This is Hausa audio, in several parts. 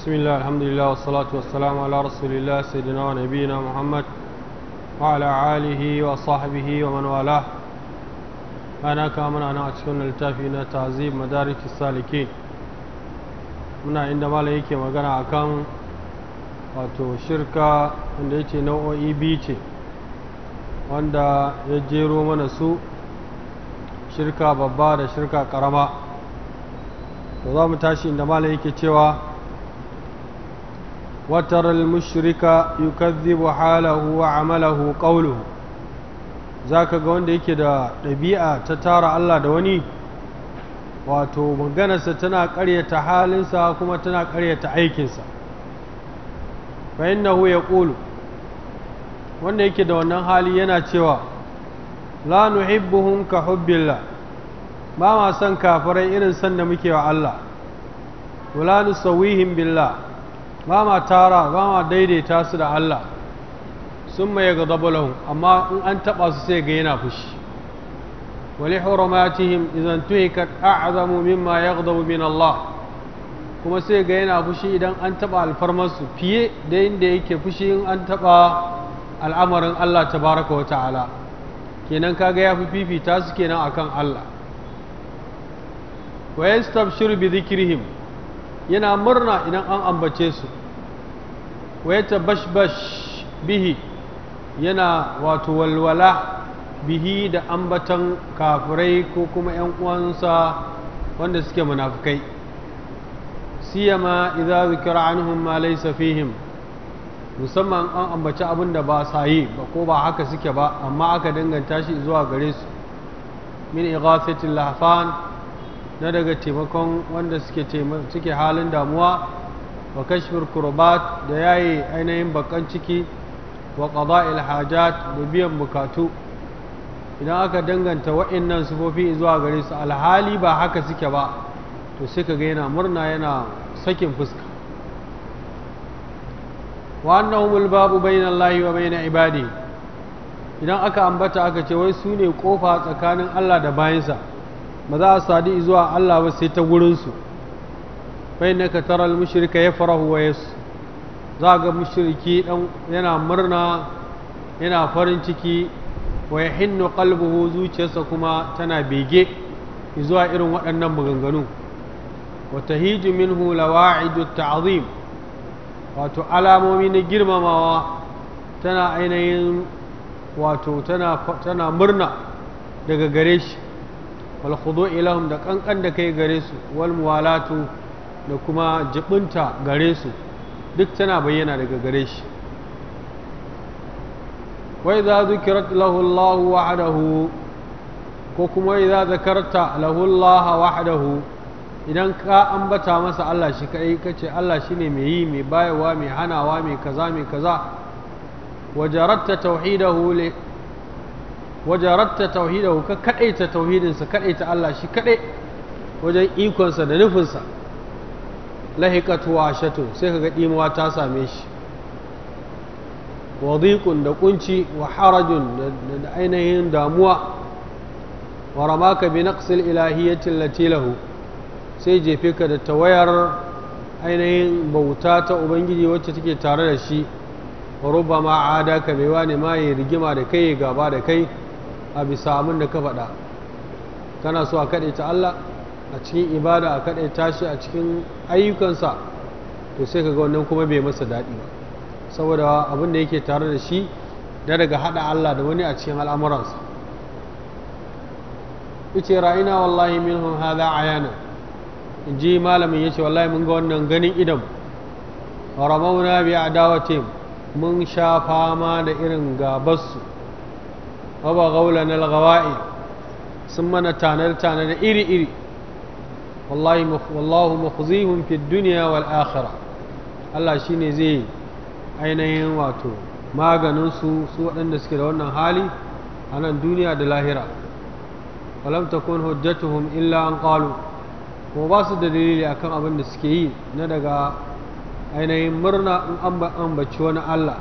بسم الله الحمد لله والصلاة والسلام على رسول الله سيدنا ونبينا محمد وعلى آله وصحبه ومن والاه أنا كامل أنا أتكون التافينا تعذيب مدارك السالكين muna inda mala yake magana akan wato shirka wanda yake nau'o'i biyu ce wanda ya jero mana su shirka babba da shirka karama to za mu tashi inda mala yake cewa وترى المشرك يكذب حاله وعمله ga wanda قوان ديك دا ɗabi'a ta tara Allah da wani wato maganarsa tana karyata halinsa kuma tana karyata aikinsa fa innahu yaqulu wanda yake da wannan hali yana cewa la nuhibbuhum ka hubbillah ba ma son kafirai irin sanda muke wa Allah wala nusawihim billah ba ma tara ba ma daidaita su da Allah sun mai ga lahum amma in an taɓa su sai ga yana fushi wali hurumatihim idan ka a'zamu mimma yaghdabu min Allah kuma sai ga yana fushi idan an taɓa alfarmarsu fiye da inda yake fushi in an taɓa al'amarin Allah tabaraka wa ta'ala kenan kaga ya fi fifita su kenan akan Allah wa yastabshiru bi dhikrihim yana murna idan an ambace su waya ta bash bihi yana wato walwala bihi da ambatan kafirai ko kuma 'yan uwansa wanda suke munafukai siyama idza zikra anhum ma laysa fihim musamman an ambaci abin da ba sa yi ba ko ba haka suke ba amma aka danganta shi zuwa gare su min ighasatil lahfan na daga taimakon wanda suke halin damuwa wa kashfir kurbat da yayi ainihin bakan ciki wa qada'il hajat da biyan bukatu idan aka danganta wa'annan sufofi zuwa gare su alhali ba haka suke ba to sai ka ga yana murna yana sakin fuska wa annahumul babu bayna Allahi wa na ibadi idan aka ambata aka ce wai su ne kofa tsakanin Allah da bayansa ba za a sadu zuwa Allah ba sai ta wurinsu bai na ka taral mushrika ya farahu wa yasu za ga mushriki dan yana murna yana farin ciki wa ya hinnu qalbuhu zuciyarsa kuma tana bege zuwa irin waɗannan maganganu wa tahiju minhu lawa'idu ta'zim wato alamomi na girmamawa tana ainihin wato tana murna daga gare shi والخضوع لهم دا قنقن دا كي غريسو والموالاتو دا كما جبنتا غريسو دكتنا بينا دا غريش وإذا ذكرت له الله وحده كوكما إذا ذكرت له الله وحده إذن كا أنبتا مسا الله شكأي إيه كتش الله شني ميهيمي إيه، باي وامي حنا وامي كذا مي كذا وجرت توحيده wajaratta tauhidahu ka kadaita tauhidinsa kadaita Allah shi kadai wajen ikonsa da nufinsa lahiqatu wa shatu sai kaga dimuwa ta same shi wadiqun da kunci wa harajun da ainihin damuwa wa ramaka bi Ilahi ya allati lahu sai jefe ka da tawayar ainihin bauta ta ubangiji wacce take tare da shi wa rubbama adaka bai wani ma ya rigima da kai gaba da kai a bisa abin da ka faɗa kana so a kaɗaita Allah a cikin ibada a kaɗaita shi a cikin ayyukansa to sai ka ga wannan kuma bai masa daɗi ba saboda abin da yake tare da shi da daga haɗa Allah da wani a cikin al'amuransa ce ra'ina wallahi minhum hadha ayana in ji malamin yace wallahi mun ga wannan ganin idan ramauna bi adawatim mun sha fama da irin gabarsu wa gaulana al-ghawa'i sun mana tanar tanar iri iri wallahu mukhzihum fi duniya wal akhirah Allah shine zai ainihin wato maganin su waɗanda suke da wannan hali a nan duniya da lahira falam takun hujjatuhum illa an qalu ko ba su da dalili akan abin da suke yi na daga ainihin murna in an ambaci wani Allah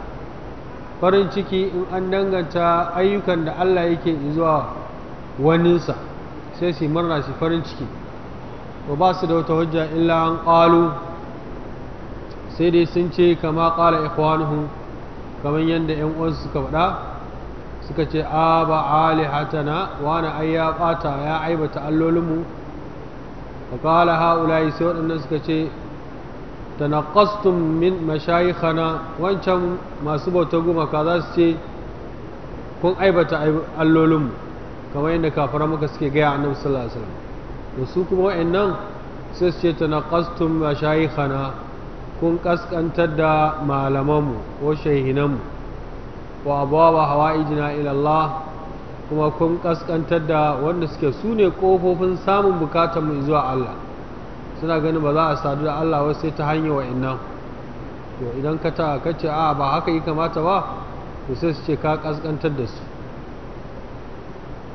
farin ciki in an danganta ayyukan da Allah yake zuwa waninsa sai su murna su farin ciki ba ba su da wata hujja illa an ƙalu sai dai sun ce kama ƙala ikwanuhu kamar yadda ‘yan uwansu suka faɗa suka ce a ba ali hatana wani ai ya ɓata ya aibata allolinmu fa ƙala ha'ulayi sai waɗannan suka ce tanaqqastum min mashayikhana wancan masu bauta gumaka za su ce kun aibata allolinmu kamar yadda kafara muka suke gaya annabi sallallahu alaihi wasallam da su kuma wa'annan sai su ce mashayi mashayikhana kun kaskantar da malamanmu ko ko wa ba hawaijina ila Allah kuma kun kaskantar da wanda suke su kofofin samun bukatar mu zuwa Allah suna ganin ba za a sadu da Allah wai sai ta hanyar wa'annan to idan ka ta ka ce a ba haka yi kamata ba to sai su ce ka kaskantar da su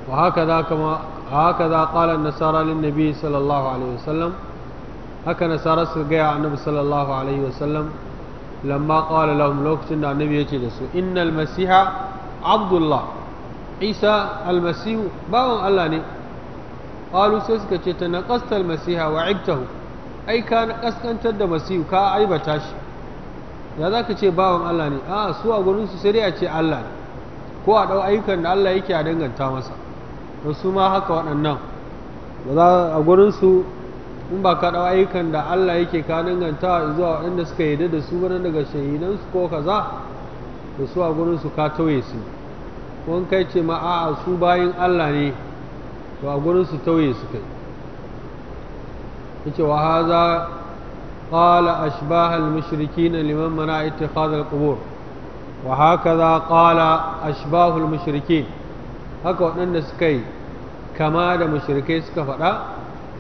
wa haka za kuma haka za qala nasara lin nabi sallallahu alaihi wasallam haka nasara su ga annabi sallallahu alaihi wasallam lamma qala lahum lokacin da annabi yake da su innal masiha abdullah isa almasihu bawon Allah ne qalu sai suka ce ta naqastal masiha wa ibtahu ai ka kaskantar da masihu ka aibata shi ya za ka ce bawan Allah ne a su a gurin su sai dai a ce Allah ne ko a ɗau ayyukan da Allah yake a danganta masa da su ma haka waɗannan ba za a gurin su in ba ka ɗau ayyukan da Allah yake ka danganta zuwa waɗanda suka yi da su wani daga shahidan su ko kaza da su a gurin su ka tauye su wani kai ce ma a'a su bayin Allah ne to a gurin su tauye suka yi yace wa haza qala ashbaha al-mushrikin liman mana ittikhadha al-qubur wa hakaza qala ashbahu al-mushrikin haka waɗanda suka yi kama da mushrikai suka faɗa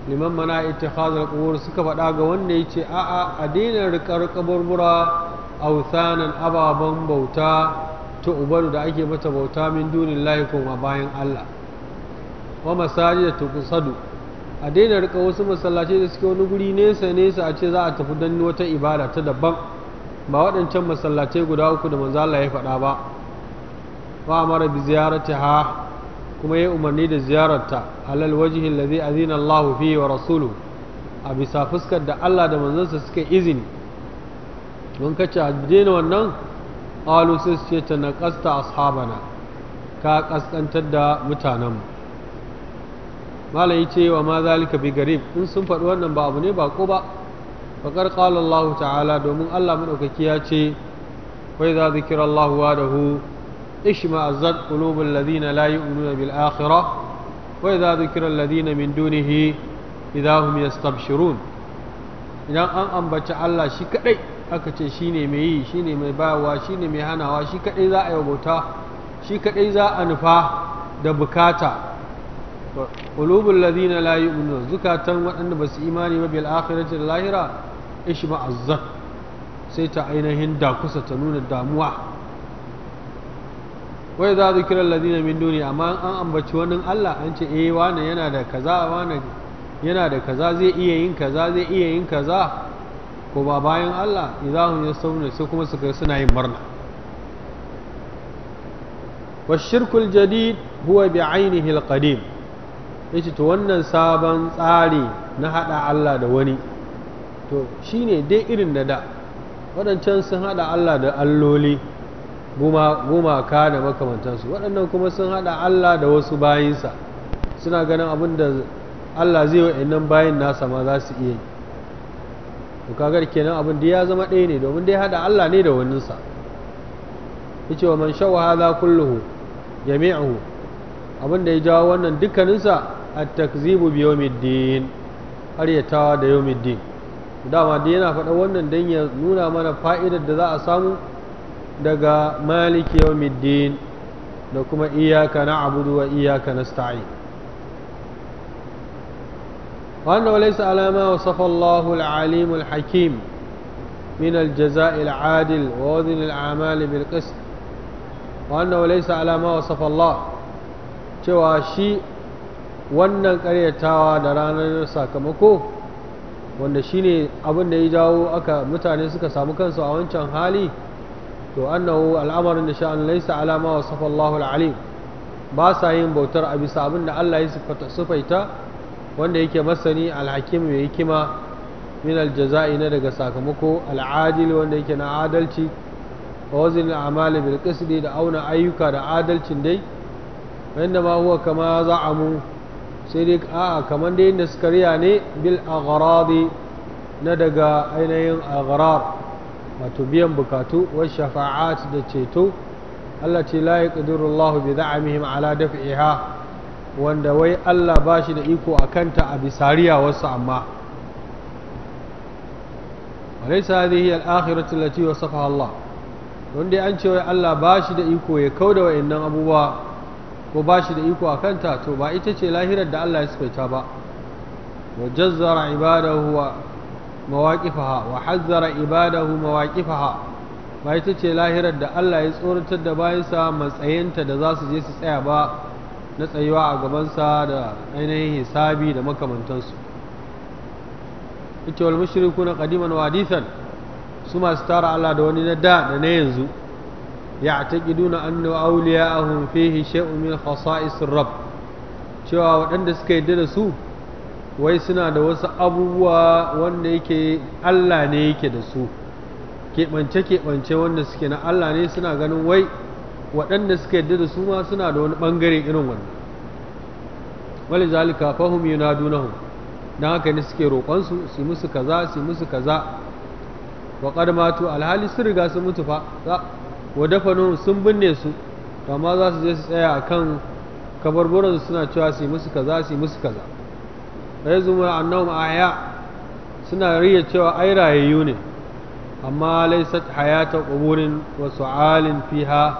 liman mana ittikhadha al-qubur suka faɗa ga wanda yace a a adina riƙar kaburbura authanan ababen bauta ta ubaru da ake mata bauta min dunin lahi kuma bayan Allah wa masajid sadu a daina rika wasu masallaci da suke wani guri nesa nesa a ce za a tafi don wata ibada ta daban ba waɗancan masallacai guda uku da manzo Allah ya faɗa ba wa amara bi ha kuma ya umarni da ziyararta alal wajhi allazi azina Allahu fihi wa rasuluhu a bisa fuskar da Allah da manzansa suka izini don kace a daina wannan qalu sai ce ta naqasta ashabana ka kaskantar da mutanenmu malam ya ce wa ma zalika bi garib in sun faɗi wannan ba abu ne ba ko ba faƙar ƙala Allah ta'ala domin Allah maɗaukaki ya ce wai za zikira Allah wa da hu ishma azzat qulubul ladina la yu'minuna bil akhirah wai za zikira alladina min dunihi idza hum yastabshirun idan an ambaci Allah shi kaɗai aka ce shi ne mai yi shi ne mai shi ne mai hanawa shi kaɗai za a yi bauta shi kaɗai za a nufa da bukata qulubul ladina la yu'minun zukatan waɗanda ba su imani ba bil akhirati da lahira ishma azzat sai ta ainihin da kusa ta nuna damuwa wai za zikira alladina min duni amma an ambaci wani Allah an ce eh wani yana da kaza wani yana da kaza zai iya yin kaza zai iya yin kaza ko ba bayan Allah idahum yasawna sai kuma suka suna yin murna والشرك الجديد هو بعينه القديم ya ce to wannan sabon tsari na haɗa Allah da wani to shine dai irin da da waɗancan sun hada Allah da alloli gumaka da makamantansu waɗannan kuma sun hada Allah da wasu bayinsa suna ganin abin da Allah zai nan bayin nasa ma za su iya to kagar kenan abin da ya zama ɗaya ne domin dai hada Allah ne da waninsa ce wa man shawa hadha kulluhu jami'uhu abin da ya jawo wannan dukkaninsa at-takzibu bi yawmiddin ƙaryatawa da yawmiddin dama da yana faɗa wannan dan ya nuna mana fa'idar da za a samu daga maliki yawmiddin da kuma iyyaka na'budu wa iyyaka nasta'in وأنه ليس على ما وصف الله العليم الحكيم من الجزاء العادل ووزن الأعمال بالقسط وأنه ليس على ما وصف الله cewa shi wannan karyatawa da ranar sakamako wanda shine abin da ya jawo aka mutane suka samu kansu a wancan hali to annahu al'amarin da sha'an laisa alama wa safallahu al'alim ba sa yin bautar a bisa abin da Allah ya sufaita wanda yake masani alhakim mai hikima min aljaza'i na daga sakamako al'adil wanda yake na adalci wa wazin al'amali bil qisdi da auna ayyuka da adalcin dai wanda ma huwa kama za'amu sai dai a kamar dai da ne bil agharadi na daga ainihin agharar wato biyan bukatu wa shafa'at da ceto Allah ce la yaqdiru Allah bi da'amihim ala daf'iha wanda wai Allah ba shi da iko a kanta a bisariya wasu amma وليس هذه الآخرة التي وصفها الله wanda an ce wai Allah ba shi da iko ya kauda wa'annan abubuwa ko ba shi da iko a kanta to ba ita ce lahirar da Allah ya sifaita ba wa jazzara ibadahu wa mawaqifaha wa hazzara ibadahu mawaqifaha ba ita ce lahirar da Allah ya tsoratar da bayansa matsayinta da za su je su tsaya ba na tsayuwa a gabansa da ainihin hisabi da makamantansu ita wal na qadiman wa hadithan su masu tara Allah da wani na da da na yanzu يعتقدون أن أولياءهم فيه شيء من خصائص الرب cewa waɗanda suka yarda da su wai suna da wasu abubuwa wanda yake Allah ne yake da su keɓance-keɓance wanda suke na Allah ne suna ganin wai waɗanda suka yarda da su ma suna da wani ɓangare irin wannan wali zalika fahum yunadunahum dan haka ne suke roƙonsu su musu kaza su musu kaza wa qad matu alhali sun riga sun mutu fa wa dafanu sun binne su amma za su je su tsaya kan kabarburan suna cewa su yi musu kaza su yi musu kaza bai zuma annahum aya suna riya cewa ai rayayyu ne amma laysat hayata quburin wa su'alin fiha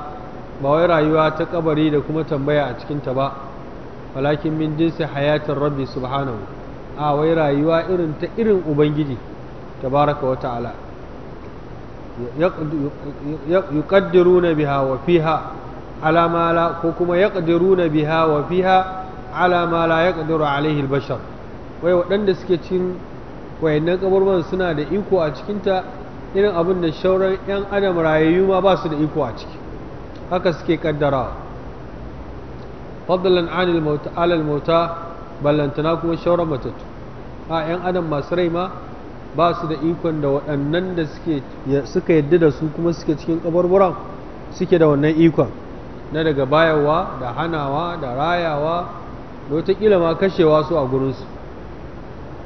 ba wai rayuwa ta kabari da kuma tambaya a cikin ta ba walakin min jinsi hayatin rabbi subhanahu a wai rayuwa irin ta irin ubangiji tabaraka wa ta'ala yuqaddiruna biha wa fiha ala ma la ko kuma yaqdiruna biha wa fiha ala ma la yaqdiru alaihi albashar wai waɗanda suke cin wayannan kaburban suna da iko a cikinta irin abin da shauran 'yan adam rayayyu ma ba su da iko a ciki haka suke kaddarawa fadlan anil mauta alal mauta ballantana kuma shauran matattu a 'yan adam masu rai ma ba su da ikon da waɗannan da suka yadda da su kuma suke cikin kaburburan suke da wannan ikon na daga bayarwa da hanawa da rayawa da wataƙila ma kashewa su a gurinsu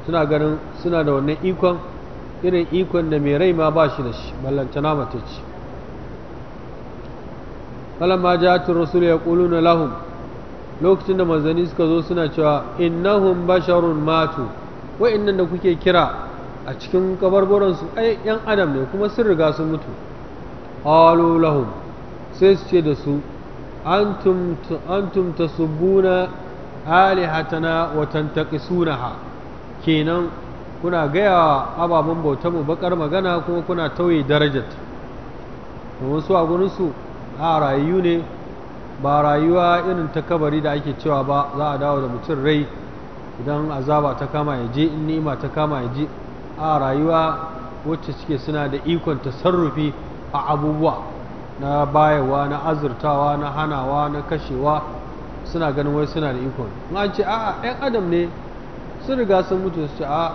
suna ganin suna da wannan ikon irin ikon da mai rai ma ba shi da shi ballantana mace ce falamma ja'atul rasul na lahum lokacin da manzanni suka zo suna cewa innahum basharun matu wa'annan da kuke kira a cikin kabarbaransu ai yan adam ne kuma sun riga sun mutu qalu lahum sai su ce da su antum antum tasubuna alihatana wa tantaqisunaha kenan kuna gaya ababen bautar mu bakar magana kuma kuna tauye darajat domin su a gurin su a rayu ne ba rayuwa irin ta kabari da ake cewa ba za a dawo da mutum rai idan azaba ta kama ya je in ni'ima ta kama ya je a rayuwa wacce suke suna da ikon tasarrufi a abubuwa na bayawa na azurtawa na hanawa na kashewa suna ganin wai suna da ikon an ce a'a 'yan adam ne sun riga sun mutu su ce a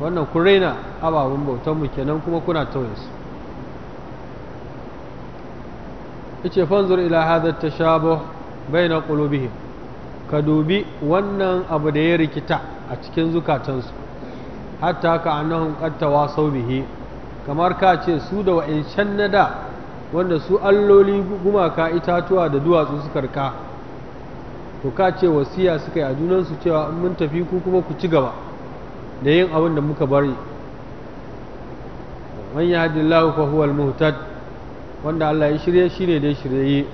wannan ku raina ababen bautanmu kenan kuma kuna tauye ice fanzur ila hadha tashabuh baina qulubihim ka dubi wannan abu da ya rikita a cikin zukatansu hatta ka annahum qad tawasaw bihi kamar ka ce su da wa'in na da wanda su alloli gumaka itatuwa da duwatsu suka rka to ka ce wasiya suka yi a junansu cewa in mun tafi ku kuma ku ci gaba da yin abin da muka bari man yahdillahu fa huwal muhtad wanda Allah ya shirye ne da shirye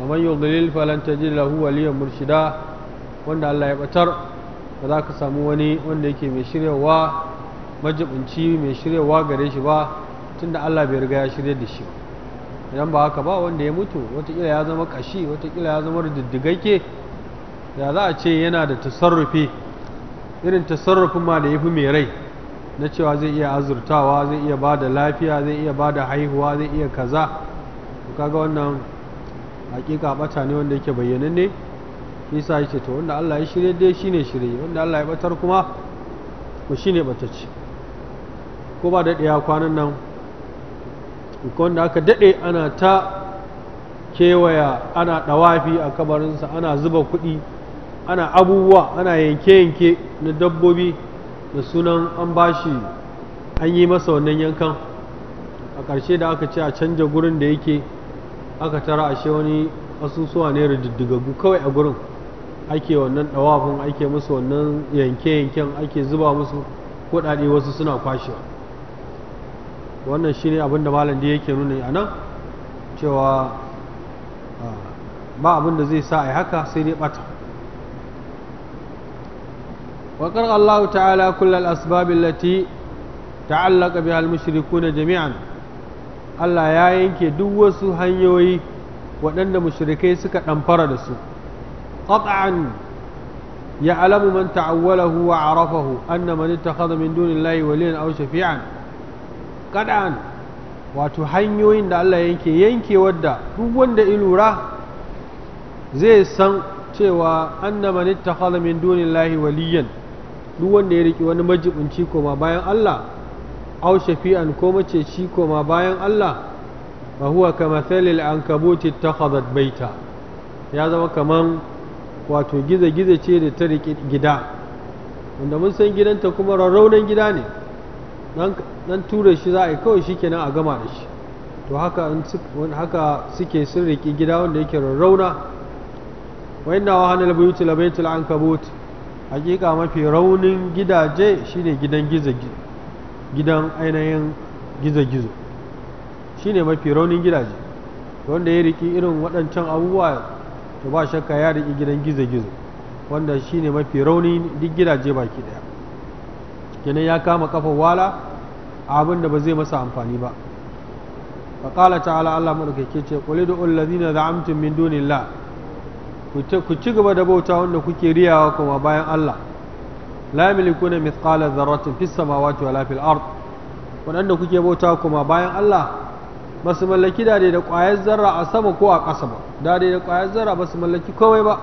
wa man dalil falan lahu waliyan murshida wanda Allah ya batar ba za ka samu wani wanda yake mai shiryawa majibinci mai shiryawa gare shi ba tunda Allah bai riga ya shirya da shi idan ba haka ba wanda ya mutu watakila ya zama kashi watakila ya zama diddigagge da za a ce yana da tasarrufi irin tasarrufin ma da ya fi mai rai na cewa zai iya azurtawa zai iya ba da lafiya zai iya ba da haihuwa zai iya kaza ka ga wannan hakika bata ne wanda yake bayyananne ne yasa yake to wanda Allah ya shirye dai shine shirye wanda Allah ya batar kuma ko shine batacce ko ba da ɗaya kwanan nan ko wanda aka daɗe ana ta kewaya ana ɗawafi a kabarinsa ana zuba kuɗi ana abubuwa ana yanke-yanke na dabbobi da sunan an bashi an yi masa wannan yankan a ƙarshe da aka ce a canja gurin da yake aka tara ashe wani asusuwa ne rididdigaggu kawai a gurin ake wannan ɗawafin ake musu wannan yanke-yanken ake zuba musu kuɗaɗe wasu suna kwashewa wannan shine abin da malam da yake nuna a nan cewa ba abin da zai sa a haka sai dai ɓata وقرأ الله تعالى كل الأسباب التي تعلق بها المشركون jami'an Allah ya yanke duk wasu hanyoyi waɗanda mushrikai suka ɗamfara da su قطعا يعلم من تعوله وعرفه أن من اتخذ من دون الله وليا أو شفيعا قطعا wato hanyoyin da Allah yanke yanke wadda duk wanda zai san cewa anna man ittakhadha min ya riki wani majibinci koma bayan Allah koma bayan Allah fa huwa kamathalil baita ya zama kaman wato gizo-gizo ce da ta riƙe gida wanda mun san gidanta kuma rarraunin gida ne nan tura shi za a yi kawai shi kenan a gama da shi to haka suke sun riƙe gida wanda yake rarrauna wa inna wa hanal buyuti labaitul hakika mafi raunin gidaje shine gidan gidan ainihin gizo-gizo shine mafi raunin gidaje wanda ya riki irin waɗancan abubuwa to ba shakka ya riƙi gidan gizo-gizo wanda shine mafi rauni duk gidaje baki ɗaya kenan ya kama kafar wala abin da ba zai masa amfani ba faƙala ta'ala Allah maɗaukake ce ƙuli da ulazina da min dunillah ku ci gaba da bauta wanda kuke riyawa kuma bayan Allah la yamlikuna mithqala dharratin fis samawati wala fil ard waɗanda kuke bauta kuma bayan Allah ba su mallaki dade da ƙwayar zarra a sama ko a ƙasa ba dade da ƙwayar zarra ba su mallaki komai ba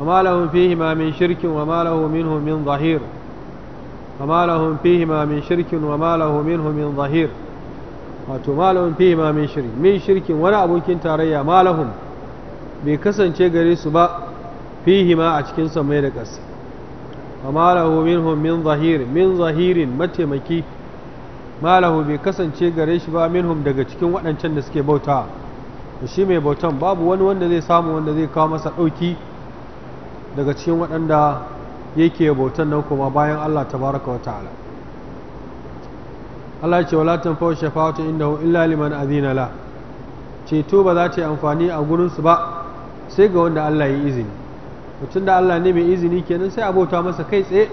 وما لهم فيهما من شرك وما له منه من ظهير وما لهم min shirkin, شرك وما له منه min ظهير wato malamin fihi ma min shirki min shirkin wani abokin tarayya malahum bai kasance gare su ba fihi ma a cikin samai da ƙasa wa malahu minhum min zahir min zahirin mataimaki malahu bai kasance gare shi ba minhum daga cikin waɗancan da suke bauta shi mai bautan babu wani wanda zai samu wanda zai kawo masa ɗauki daga cikin waɗanda yake bautan nan kuma bayan Allah tabaraka wa ta'ala Allah ya ce wala tanfa'u shafa'atu indahu illa liman adina la ceto ba za ta yi amfani a gurin su ba sai ga wanda Allah ya yi izini mutum da Allah ne mai izini kenan sai a bauta masa kai tsaye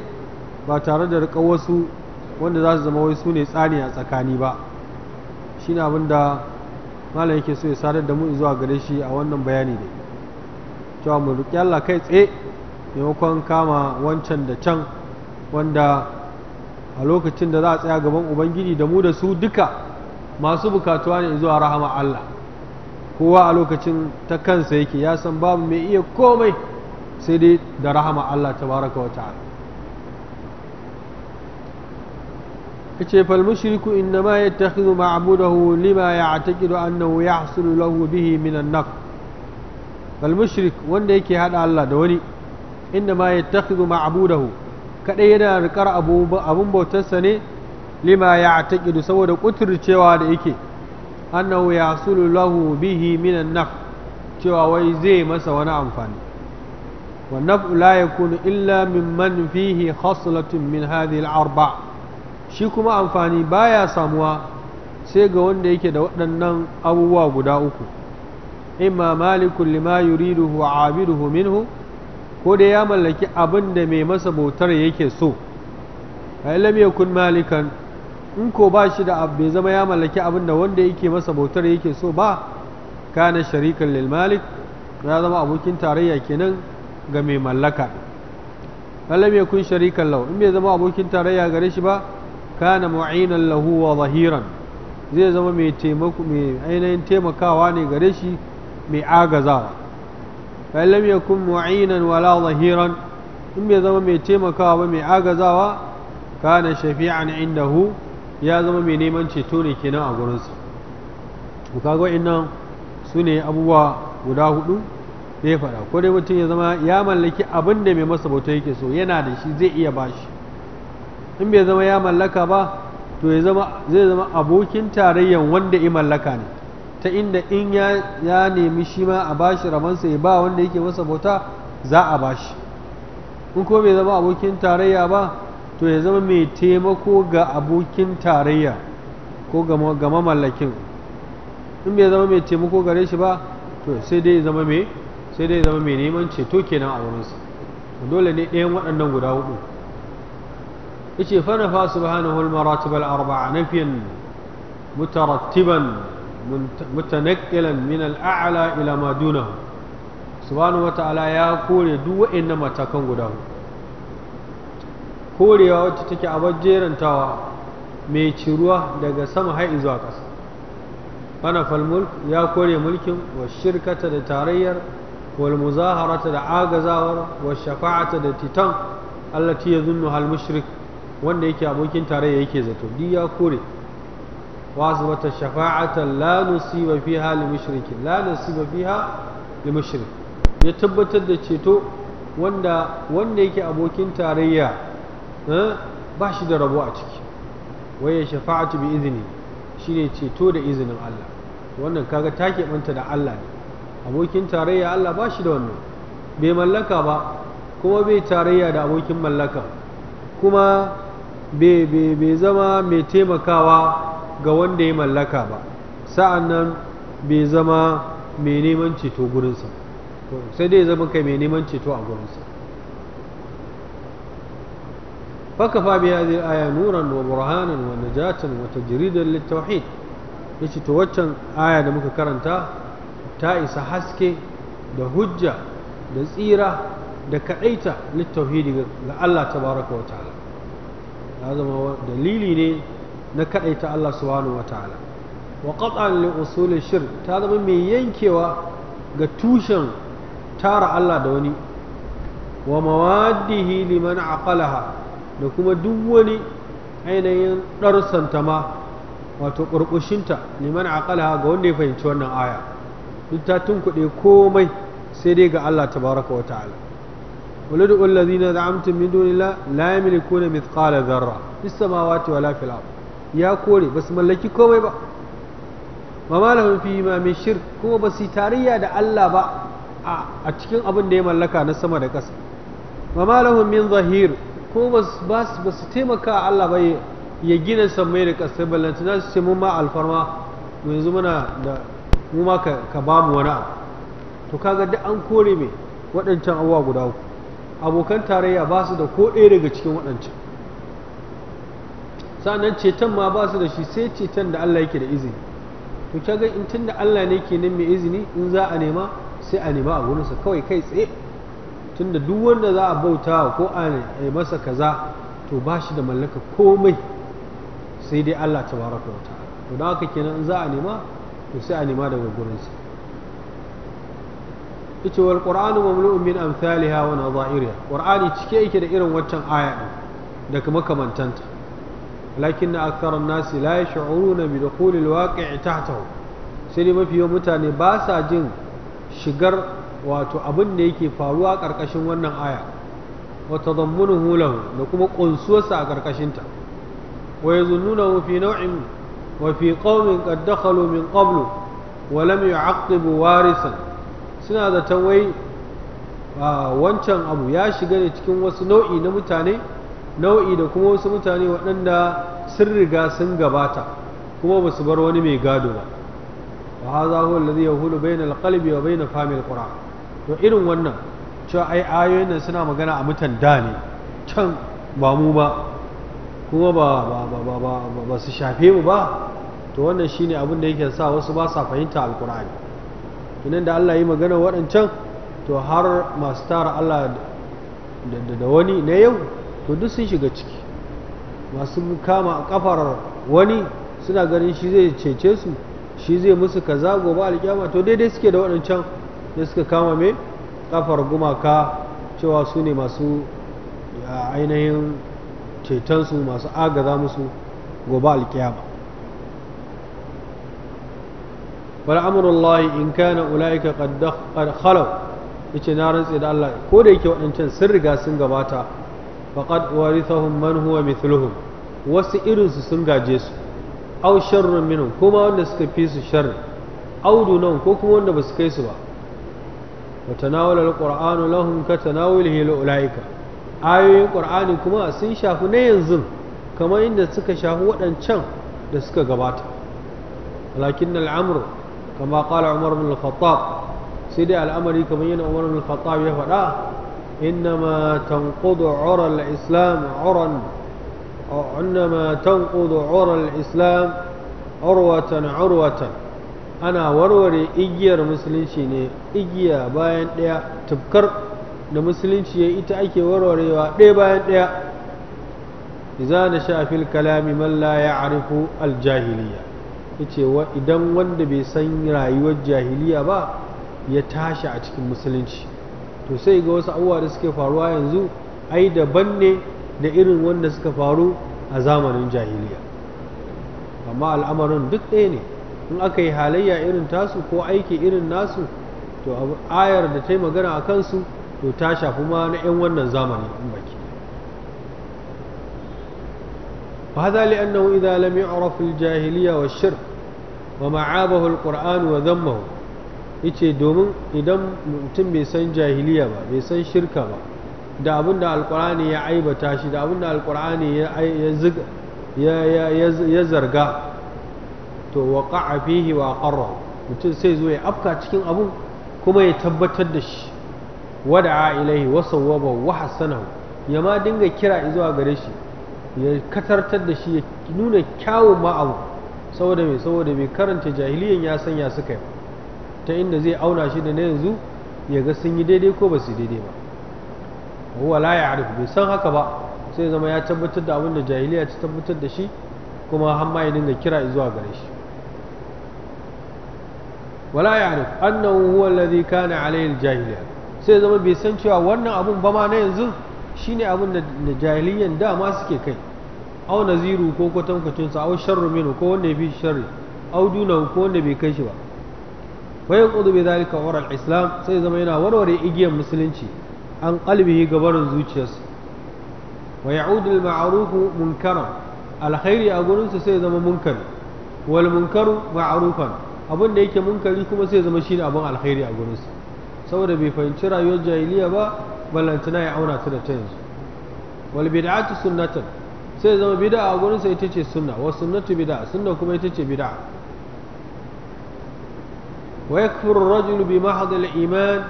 ba tare da riƙa wasu wanda za su zama wai su ne tsari a tsakani ba shi ne abin da malam yake so ya sadar da mu zuwa gare shi a wannan bayani ne cewa mu riƙi Allah kai tsaye maimakon kama wancan da can wanda a lokacin da za a tsaya gaban ubangiji da mu da su duka masu bukatuwa ne zuwa rahama Allah kowa a lokacin ta kansa yake ya san babu mai iya komai sai dai da rahama Allah tabaraka wa ta'ala yace fal mushriku innama yattakhidhu ma'budahu lima ya ya'taqidu annahu yahsulu lahu bihi min an-naf fal wanda yake hada Allah da wani innama yattakhidhu ma'budahu kadai yana rikar abun bautarsa ne lima ya ya'taqidu saboda kuturcewa da yake annahu yahsulu lahu bihi min an-naf cewa wai zai masa wani amfani Wannan والنفع لا يكون إلا ممن فيه خصلة من هذه الأربعة shi kuma amfani baya samuwa sai ga wanda yake da waɗannan abubuwa guda uku imma malikun lima yuriduhu wa abiduhu minhu ko da ya mallaki abin da mai masa bautar yake so a ilam yakun malikan in ko ba shi da bai zama ya mallaki abin da wanda yake masa bautar yake so ba kana sharikan lil malik ya zama abokin tarayya kenan ga mai mallaka alam yakun sharikan lau in bai zama abokin tarayya gare shi ba kana mu'inan lahu wa zahiran zai zama mai taimako mai ainihin taimakawa ne gare shi mai agazawa fa lam yakun mu'inan wala zahiran in bai zama mai taimakawa ba mai agazawa kana shafi'an indahu ya zama mai neman ceto ne kenan a gurinsu. ku kaga wa'annan su ne abubuwa guda hudu da ya faɗa ko dai mutum ya zama ya mallaki abin da mai masa bauta yake so yana da shi zai iya bashi in bai zama ya mallaka ba to ya zama zai zama abokin tarayyan wanda ya mallaka ne ta inda in ya nemi shi ma a bashi ramansa ya ba wanda yake masa bauta za a bashi in ko bai zama abokin tarayya ba to ya zama mai taimako ga abokin tarayya ko ga mamallakin in bai zama mai taimako gare shi ba to sai dai zama mai sai dai zama mai neman ceto kenan a wurinsa dole ne ɗayan waɗannan guda hudu yace fa nafa subhanahu al maratib al arba'a nafiyan mutarattiban mutanakkilan min al a'la ila ma dunahu subhanahu wata'ala ya kore duk wa'annan matakan guda korewa wacce take a jerantawa mai ciruwa daga sama har zuwa ƙasa fanafal mulk ya kore mulkin wa shirkata da tarayyar wal muzaharata da agazawar wa shafa'ata da titan allati yadhunnuha al mushrik wanda yake abokin tarayya yake zato duk ya kore fi الشفاعة لا نصيب فيها لمشرك fi نصيب mushrik ya tabbatar da ceto wanda wanda yake abokin tarayya eh, ba shi da rabo a ciki waye shafa'atu bi izini shine ceto da izinin Allah wannan kaga ke banta da Allah ne abokin tarayya Allah ba shi da wannan bai mallaka ba kuma bai tarayya da abokin mallaka kuma bai zama mai taimakawa ga wanda ya mallaka ba sa'an nan bai zama mai neman ceto gurinsa sai dai zama kai mai neman ceto a gurinsa fakafa fabi ya zai aya nuran wa burhanan wa najatan wa tajridan lit-tauhid ce to waccan aya da muka karanta ta isa haske da hujja da tsira da kaɗaita lit ga Allah baraka wa ta'ala ya zama dalili ne na kadaita Allah subhanahu wataala wa qat'an li usul shirk ta zama mai yankewa ga tushen tara Allah da wani wa mawaddihi liman aqalaha da kuma duk wani ainihin ɗarsanta ma wato ƙurƙushinta liman aqalaha ga wanda ya fahimci wannan aya duk ta tunkuɗe komai sai dai ga Allah tabaraka wa ta'ala قل ادعوا الذين دعمتم من دون الله لا يملكون مثقال ذرة في السماوات ولا في الأرض يا كوري بس ملكي كومي با وما لهم فيما من شرك كما بس تاريا دا الله با أتكين أبن دي ملكا نسما دا كسا وما لهم من ظهير كما بس بس بس تيمكا الله با يجينا سمي دا كسا بلنتنا سموما الفرما ويزمنا دا مما كبام ونا to kaga duk an kore mai waɗancan abubuwa guda uku abokan tarayya ba su da ko ɗaya daga cikin waɗancan sa'annan ceton ma ba su da shi sai ceton da Allah yake da izini to kaga in tun da Allah ne ke nan mai izini in za a nema sai a nema a gurinsa kawai kai tsaye tun da duk wanda za a bauta ko a masa kaza to ba shi da mallaka komai sai dai Allah ta wa ta'ala to da haka kenan in za a nema to sai a nema daga gurinsa yace wal qur'anu mamlu'un min amsalha wa nadha'irha qur'ani cike yake da irin waccan aya din da kuma kamantanta lakinna akthara an-nas la yash'uruna bi dukhul al-waqi' tahtahu sai dai mafi yawan mutane ba sa jin shigar wato abin da yake faruwa karkashin wannan aya wa tadammunuhu lahu da kuma kunsuwarsa a karkashinta wa yazunnunahu fi naw'in wa fi qaumin qad dakhalu min qablu wa lam yu'aqqibu warisan suna zaton wai wancan abu ya shiga ne cikin wasu nau'i na mutane nau'i da kuma wasu mutane waɗanda sun riga sun gabata kuma ba su bar wani mai gado ba wa haza huwa allazi yahulu bayna alqalbi wa bayna famil alqura to irin wannan cewa ai ayoyin nan suna magana a mutan da ne can ba mu ba kuma ba su shafe mu ba to wannan shine abin da yake sa wasu ba sa fahimta alqur'ani inan da Allah yi magana waɗancan to har masu tara Allah da wani na yau to duk sun shiga ciki masu kama kafar wani suna ganin shi zai cece su shi zai musu kaza gobe alƙiyama to daidai suke da waɗancan da suka kama me ƙafar gumaka cewa su ne masu ainihin cetonsu masu agaza musu gobe alƙiyama wal amrullahi in kana ulaika qad khalaw yace na rantse da Allah ko da yake waɗancan sun riga sun gabata faqad warithahum man huwa mithluhum wasu irinsu sun gaje su aw sharrun minhum kuma wanda suka fi su sharri aw dunan ko kuma wanda ba su kai su ba wa tanawala alqur'anu lahum ka tanawulihi ulaika ayoyin qur'ani kuma sun shafi na yanzu kamar inda suka shafi waɗancan da suka gabata lakin al'amru kama qala umar al-khattab sai dai al'amari kamar yana umar bin al-khattab ya faɗa innama tanqudu ura al-islam uran innama tanqudu ura al-islam urwatan urwatan ana warware igiyar musulunci ne igiya bayan ɗaya tufkar da musulunci ya ita ake warwarewa ɗaya bayan ɗaya إذا نشأ في الكلام من لا يعرف الجاهلية yace idan wanda bai san rayuwar jahiliya ba ya tashi a cikin musulunci to sai ga wasu abubuwa da suke faruwa yanzu ai daban ne da irin wanda suka faru a zamanin jahiliya amma al'amarin duk ɗaya ne in aka yi halayya irin tasu ko aiki irin nasu to ayar da ta yi magana a kansu to ta shafi ma na 'yan wannan zamani in baki وهذا لأنه إذا لم يعرف الجاهلية والشرك wa ma'abahu alqur'an wa dhammahu yace domin idan mutum bai san jahiliya ba bai san shirka ba da abin da alqur'ani ya aibata shi da abin da alqur'ani ya zarga to waqa'a fihi wa qarra mutum sai zo ya afka cikin abun kuma ya tabbatar da shi wada'a ilaihi wa sawwaba wa hasana ya ma dinga kira zuwa gare shi ya katartar da shi ya nuna kyawun ma abu saboda mai saboda mai karanta jahiliyan ya sanya suka yi ta inda zai auna shi da na yanzu ya ga sun yi daidai ko ba su daidai ba huwa la ya bai san haka ba sai zama ya tabbatar da abin da jahiliya ta tabbatar da shi kuma har ma dinga kira zuwa gare shi wala ya arif annahu huwa alladhi kana alayhi jahiliya sai zama bai san cewa wannan abun ba ma na yanzu shine abin da jahiliyan dama suke kai au naziru ko kwatankwacin sa aw sharru minhu ko wanda ya fi sharri au dunahu ko wanda bai kai shi ba wa yanqudu bi zalika wara al-islam sai zama yana warware igiyar musulunci an qalbihi gabarin zuciyarsa wa ya'udu al-ma'ruf munkara alkhairi a gurin sa sai zama munkar wal munkaru ma'rufan abin da yake munkari kuma sai zama shine abin alkhairi a gurin sa saboda bai fahimci rayuwar jahiliya ba ballantana ya auna ta da ta yanzu wal bid'atu sunnatan sai zama bid'a a gurinsa sai ita ce sunna wa sunnatu bid'a sunna kuma ita ce bid'a wa yakfur ar-rajulu bi mahd al-iman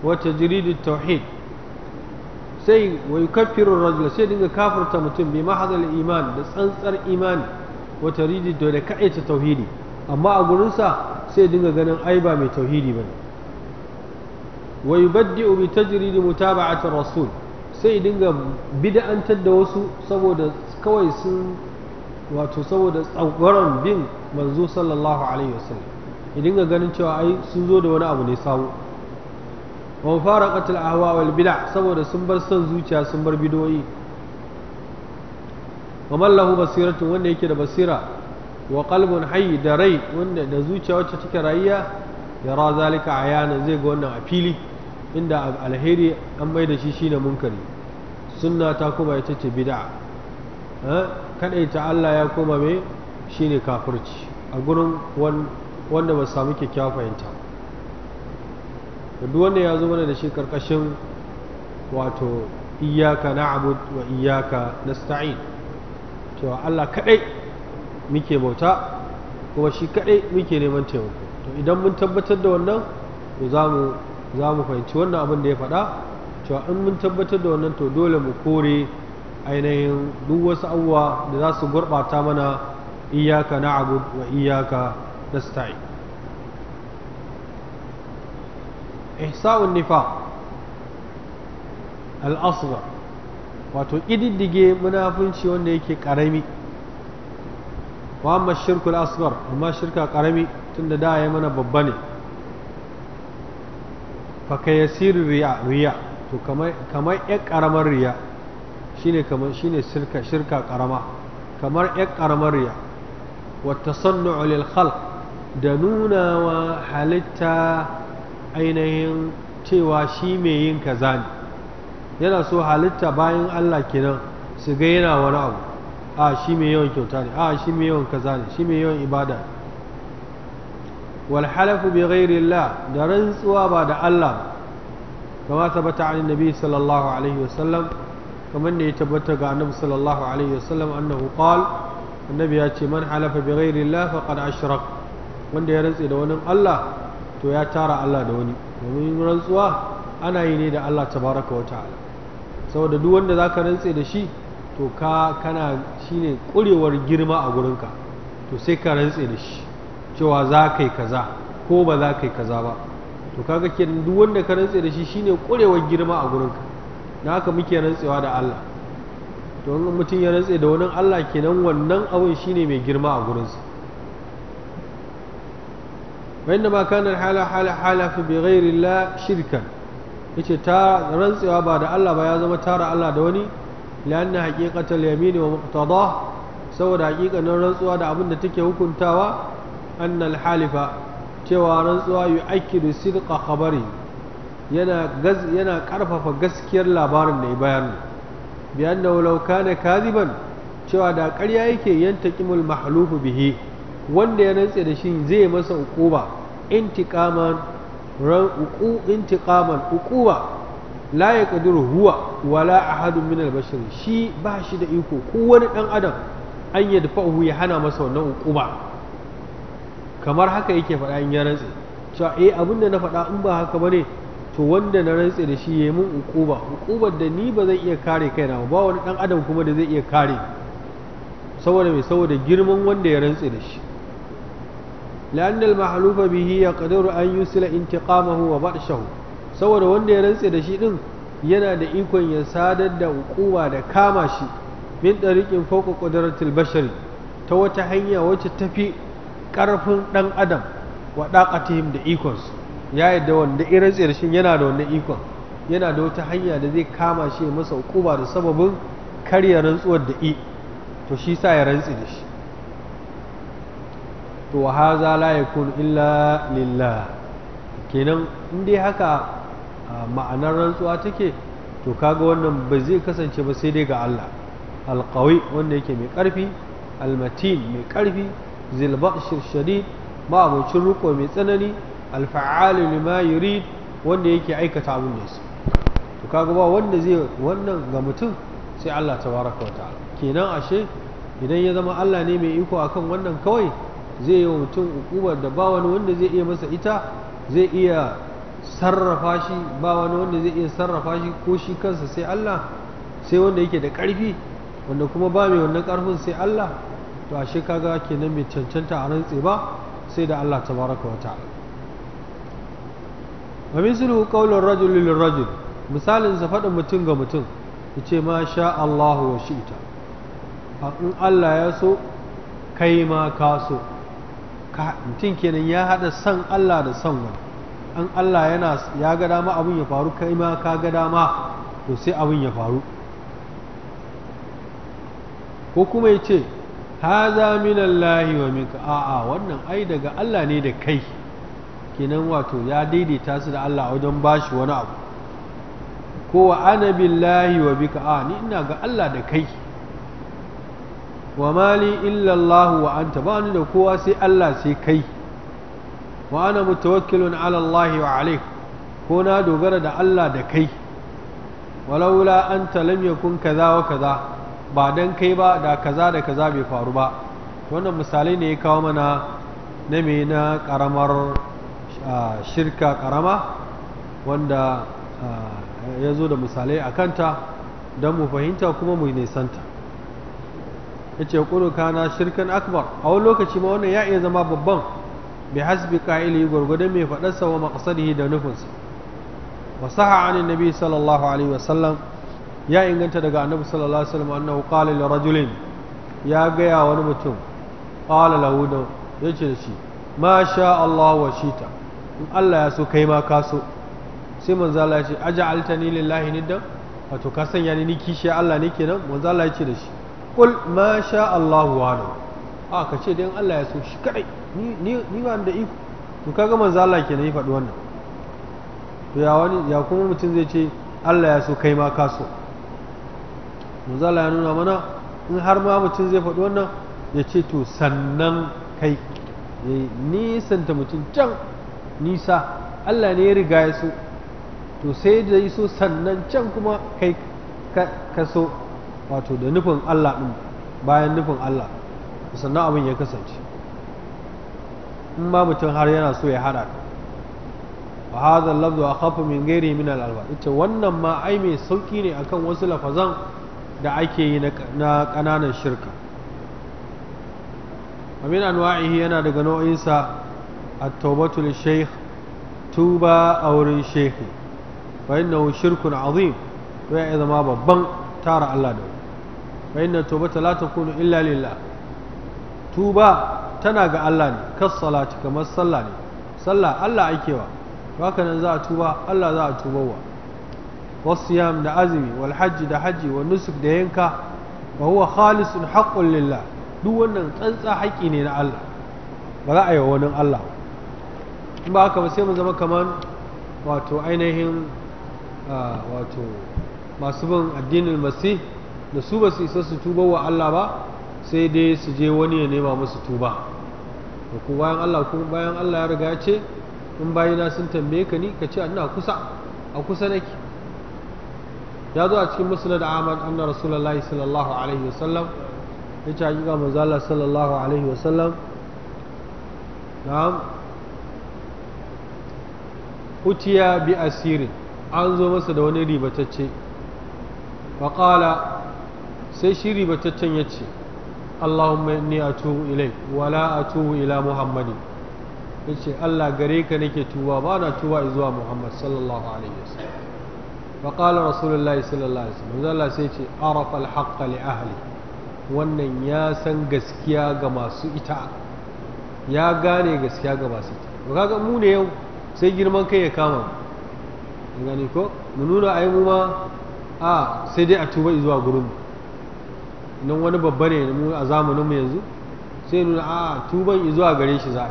wa tajrid at-tauhid sai wa yukaffiru ar-rajulu sai dinga kafirta mutum bi mahd al-iman da tsantsar imani wa tajrid da kaita tauhidi amma a gurinsa sai dinga ganin ai ba mai tauhidi bane wa yubaddi'u bi tajrid mutaba'ati ar-rasul sai dinga bid'antar da wasu saboda kawai sun wato saboda tsagwaron bin manzo sallallahu alaihi wasallam idan ga ganin cewa ai sun zo da wani abu ne sawo wa faraqatil ahwa wal bid'a saboda sun bar son zuciya sun bar bidoyi wa man lahu basiratu wanda yake da basira wa qalbun hayy da rai wanda da zuciya wacce take rayuwa ra zalika ayana zai ga wannan a fili inda alheri an bai da shi shine munkari sunna ta kuma ita ce bid'a ta Allah ya koma mai shine kafirci a gurin wanda ba samu kyakkyawa fahimta duk wanda ya zo mana da shi karkashin wato iyaka na'bud wa iyaka nasta'in cewa Allah kadai muke bauta kuma shi kadai muke neman taimako to idan mun tabbatar da wannan to za mu za mu fahimci wannan abin da ya faɗa cewa in mun tabbatar da wannan to dole mu kore ainihin duk wasu abubuwa da za su gurɓata mana iyaka na abu wa iyaka na sta'i ihsa'un nifa al'asgar wato ƙididdige munafunci wanda yake ƙarami wa shirkul asgar amma shirka ƙarami tun da da ya mana babba ne fa ka riya to kamar 'yan ƙaramar riya shine kamar shine shirka shirka karama kamar ƴar karamar riya wa tasannu'u lil khalq da nuna wa halitta ainihin cewa shi mai yin kaza ne yana so halitta bayan Allah kenan su ga yana wani abu a shi mai yawan kyauta ne a shi mai yawan kaza ne shi mai yawan ibada ne wal halafu bi ghairillah da rantsuwa ba da Allah kama tabbata an nabi sallallahu alaihi wasallam kamar ne ya tabbata ga annabi sallallahu alaihi wasallam annahu qal annabi ya ce man halafa bi ghairi Allah faqad ashrak wanda ya rantse da wani Allah to ya tara Allah da wani domin rantsuwa ana yi ne da Allah tabaraka wa ta'ala saboda duk wanda zaka rantsi da shi to ka kana shine kurewar girma a gurinka to sai ka rantsi da shi cewa za ka yi kaza ko ba za ka yi kaza ba to kaga kenan duk wanda ka rantsi da shi shine kurewar girma a gurinka na haka muke rantsewa da Allah to in mutum ya rantse da wani Allah kenan wannan abin shine mai girma a gurinsa da ma kanar hala hala hala fi bi ghairi la shirka yace ta rantsewa ba da Allah ba ya zama tara Allah da wani lanna haqiqatul yamin wa muqtada saboda haqiqanin rantsuwa da abin da take hukuntawa annal halifa cewa rantsuwa yu'akkidu sidqa khabari yana karfafa gaskiyar labarin da ya bayanu biyan da walauka na kaziban cewa da karya yake yanta kimul mahalufu bihi wanda ya rantse da shi zai masa ukuba intiqaman ran uku intiqaman ukuba la yaqdiru huwa wala ahadun min shi ba shi da iko ko wani dan adam an yadfa'u ya hana masa wannan ukuba kamar haka yake faɗa in ya rantse cewa eh abinda na faɗa in ba haka bane to wanda na rantse da shi yi min ukuba ukubar da ni ba zai iya kare kaina ba wani dan adam kuma da zai iya kare saboda mai saboda girman wanda ya rantse da shi لأن المحلوف به يقدر أن يسل انتقامه وبأشه saboda wanda ya rantse da shi din yana da ikon ya sadar da hukuma da kama shi min ɗariƙin fauka ƙuduratul bashari ta wata hanya wacce tafi karfin ɗan adam wa ɗaƙatihim da ikonsu ya yadda wanda irin tsirshin yana da wanda ikon yana da wata hanya da zai kama shi ya masa hukuma da sababin karya rantsuwar da i to shi sa ya rantsi da shi to haza la yakun illa lillah kenan in dai haka ma'anar rantsuwa take to kaga wannan ba zai kasance ba sai dai ga Allah alqawi wanda yake mai karfi almatin mai karfi zilbashir shadid abincin ruko mai tsanani ma yi yurid wanda yake aikata abin da su to kaga ba wanda zai wannan ga mutum sai Allah baraka wa ta'ala kenan ashe idan ya zama Allah ne mai iko akan wannan kawai zai yi mutum ukubar da ba wani wanda zai iya masa ita zai iya sarrafa shi ba wani wanda zai iya sarrafa shi ko shi kansa sai Allah sai wanda yake da ƙarfi wanda kuma ba mai wannan ƙarfin sai Allah to ashe kaga kenan mai cancanta a rantse ba sai da Allah tabaraka wa ta'ala wa mislu qawlur rajul lil rajul misalin sa faɗin mutum ga mutum yace ma sha Allahu wa shi'ta in Allah ya so kai ma ka so ka mutum kenan ya hada san Allah da san wani an Allah yana ya ga dama abin ya faru kai ma ka ga dama to sai abin ya faru ko kuma yace haza minallahi wa minka a'a wannan ai daga Allah ne da kai kenan wato ya daidaita su da Allah wajen bashi wani abu ko wa ana billahi wa bika a ni ina ga Allah da kai wa mali illa wa anta ba ni da kowa sai Allah sai kai wa ana mutawakkilun ala Allah wa alaik ko na dogara da Allah da kai walaula anta lam yakun kaza wa kaza ba dan kai ba da kaza da kaza bai faru ba wannan misalai ne ya kawo mana na me na karamar shirka karama wanda ya zo da misalai a kanta don mu fahimta kuma mu nisanta ya ce na shirkan akbar a wani lokaci ma wannan ya iya zama babban mai hasbi ka'ili gwargwadon mai faɗarsa wa maƙasarihi da nufinsa wasaha anin nabi sallallahu alaihi wasallam ya inganta daga annabi sallallahu alaihi wasallam annahu qala li rajulin ya gaya wani mutum qala lahu da shi ma sha Allah wa shita in Allah ya so kai ma ka so sai manzo Allah ya ce aj'altani lillahi niddan wato ka sanya ni kishi Allah ne kenan manzo Allah ya ce da shi kul ma sha Allahu wa a ka ce dan Allah ya so shi kadai ni ni ban da iko to kaga manzo Allah kenan ya faɗi wannan to ya wani ya kuma mutum zai ce Allah ya so kai ma ka so manzo Allah ya nuna mana in har ma mutum zai faɗi wannan ya ce to sannan kai ya nisanta mutum can nisa Allah ne ya riga ya so to sai da ya so sannan can kuma kai ka so wato da nufin Allah ɗin bayan nufin Allah sannan abin ya kasance in ba mutum har yana so ya hada ka wa hadha lafzu akhafu min ghairi min al alba ita wannan ma ai mai sauki ne akan wasu lafazan da ake yi na kananan shirka amina min anwa'ihi yana daga nau'insa التوبة للشيخ توبة أو للشيخ فإنه شرك عظيم وإذا ما ببن تار الله دو فإن التوبة لا تكون إلا لله توبة تناغ الله كالصلاة كما الصلاة صلى الله أيكيوا وهكذا ذا توبة الله ذا توبة والصيام ده أزمي والحج ده حجي والنسك ده ينكا وهو خالص حق لله دون أن تنسى حقي الله ولا أيوة ونن الله in ba haka ba sai mu zama kamar wato ainihin wato masu bin addinin masih da su ba su isa su tuba wa Allah ba sai dai su je wani ya nema musu tuba da ku bayan Allah ku bayan Allah ya riga ya ce in na sun tambaye ka ni ka ce ina kusa a kusa nake ya zo a cikin da Ahmad anna Rasulullahi sallallahu alaihi wasallam ya ce hakika manzo Allah sallallahu alaihi wasallam na'am utiya bi asirin an zo masa da wani ribatacce faƙala sai shi ribataccen ya ce allahumma ni a tuhu ilai wala a tuhu ila muhammadin ya ce allah gare ka nake tuba ba na tuba zuwa muhammad sallallahu alaihi wasallam faƙala rasulullahi sallallahu alaihi wasallam Allah sai ce arafa alhaqqa li ahli wannan ya san gaskiya ga masu ita ya gane gaskiya ga masu ita kaga mu ne yau sai girman kai ya kama gani ko mu nuna a mu ma a sai dai a tuba zuwa gurin nan wani babba ne mu a zamanin mu yanzu sai nuna a tuban zuwa gare shi za a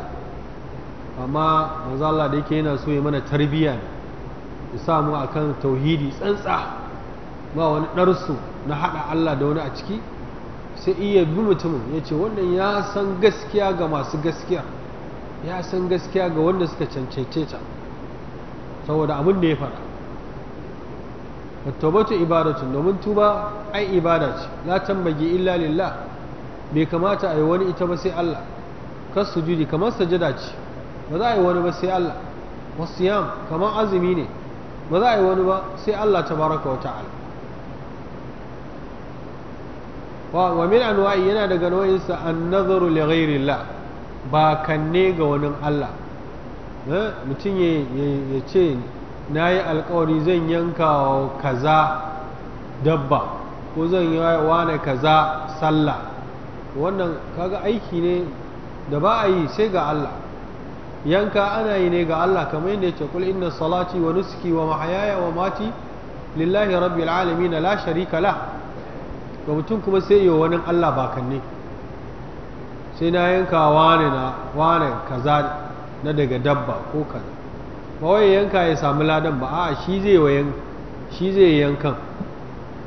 amma manzo Allah da yake yana so ya mana tarbiyya ne ya sa mu akan tauhidi tsantsa ba wani darsu na haɗa Allah da wani a ciki sai iya bi mutumin ya ce wannan ya san gaskiya ga masu gaskiya ya san gaskiya ga wanda suka cancance ta saboda abin da ya faɗa wattobatu ibadatun domin tuba ai ibada ce la tambaye illa lillah bai kamata a yi wani ita ba sai Allah kas sujudi kamar sajada ce ba za a yi wani ba sai Allah wasiyam kamar azumi ne ba za a yi wani ba sai Allah tabaraka wa ta'ala wa min anwa'i yana daga nau'insa an nazaru li Allah ba kanne ga wani Allah eh, mutum ya ce na yi alkawari zan yanka kaza dabba ko zan yi wane kaza sallah wannan kaga aiki ne da ba a yi sai ga Allah yanka ana yi ne ga Allah kamar yadda ya ce kul inna salati wa nuski wa mahayaya wa mati lillahi rabbil alamin la sharika la ga mutum kuma sai yi wa wani Allah ba kanne sai na yanka wane na wane kaza na daga dabba ko kaza ba wai yanka ya samu ladan ba a shi zai wayan shi zai yankan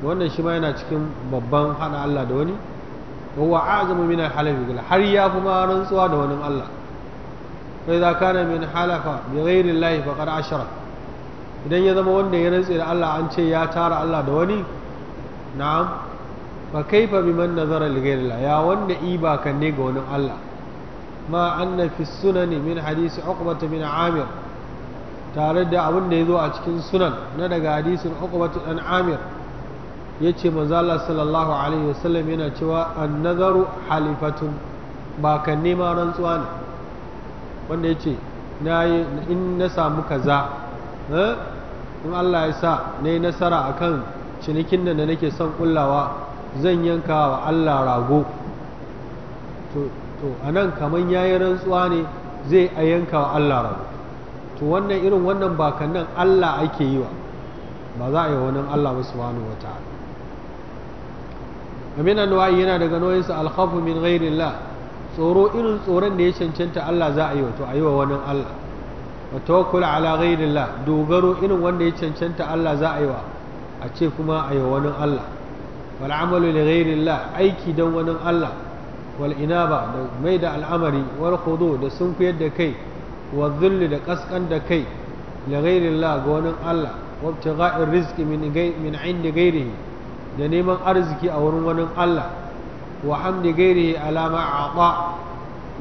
wannan shi ma yana cikin babban hada Allah da wani wa azamu min al-halafi har ya kuma rantsuwa da wani Allah فإذا min halafa حلف بغير الله فقد ashirar idan ya zama wanda ya rantse da Allah an ce ya tara Allah da wani na'am fa kaifa biman nazara li ghayrillah ya wanda iba kan ne ga wani Allah ma anna fi sunani min hadisi uqbata bin amir tare da abin da yazo a cikin sunan na daga hadisin uqbata dan amir yace manzo Allah sallallahu alaihi wasallam yana cewa an-nazaru halifatun ba kan ne ma rantsuwa ne wanda yace nayi in na samu kaza eh, in Allah ya sa nayi nasara akan cinikin da nake son kullawa zan yanka wa Allah rago to a nan kamar yayi rantsuwa ne zai a yanka wa Allah rago to wannan irin wannan bakan nan Allah ake yi wa ba za a yi wani Allah ba su wa wata. amin anwa'i yana daga noyinsa alkhafu min ghairillah tsoro irin tsoron da ya cancanta Allah za a yi wa to a yi wa wani Allah wa tawakkul ala ghairillah dogaro irin wanda ya cancanta Allah za a yi wa a ce kuma a yi wa wani Allah wal li ghairillah aiki don wani Allah wal inaba mai da al'amari wal da sun fiyar da kai wa da kaskan da kai li ga wani Allah wa ibtigha'ir rizqi min min indi da neman arziki a wurin wani Allah wa hamdi ghairihi ala ma